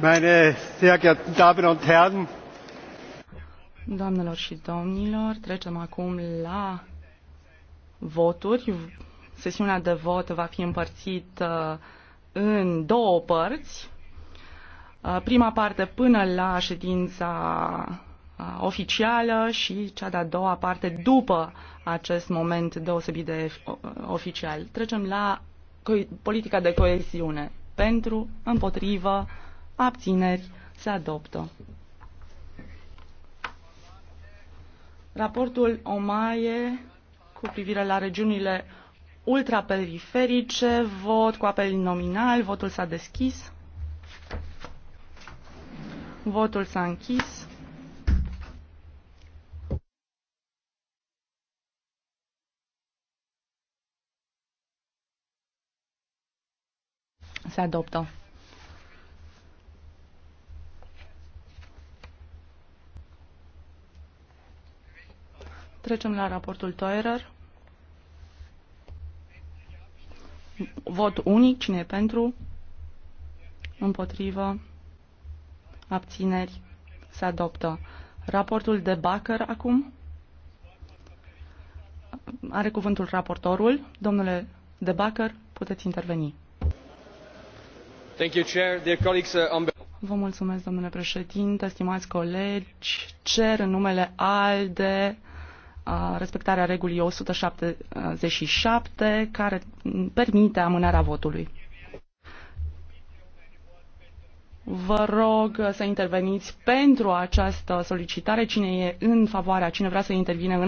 Meine sehr geehrten Damen und Herren, Doamnelor și domnilor, trecem acum la voturi. Sesiunea de vot va fi împărțită în două părți. Uh, prima parte până la ședința uh, oficială și cea de-a doua parte după acest moment deosebit de uh, oficial. Trecem la politica de coeziune. Pentru, împotrivă, abțineri, se adoptă. Raportul OMAIE cu privire la regiunile ultraperiferice, vot cu apel nominal, votul s-a deschis, votul s-a închis. Se adoptă. Trecem la raportul Toerer. Vot unic. Cine e pentru? Împotrivă. Abțineri. Se adoptă. Raportul de Bacher acum. Are cuvântul raportorul. Domnule de Bacher, puteți interveni. Thank you, Chair. Dear colleagues, on... Uh, Vă mulțumesc, domnule președinte, stimați colegi. Cer în numele ALDE respectarea regulii 177 care permite amânarea votului. Vă rog să interveniți pentru această solicitare. Cine e în favoarea, cine vrea să intervine în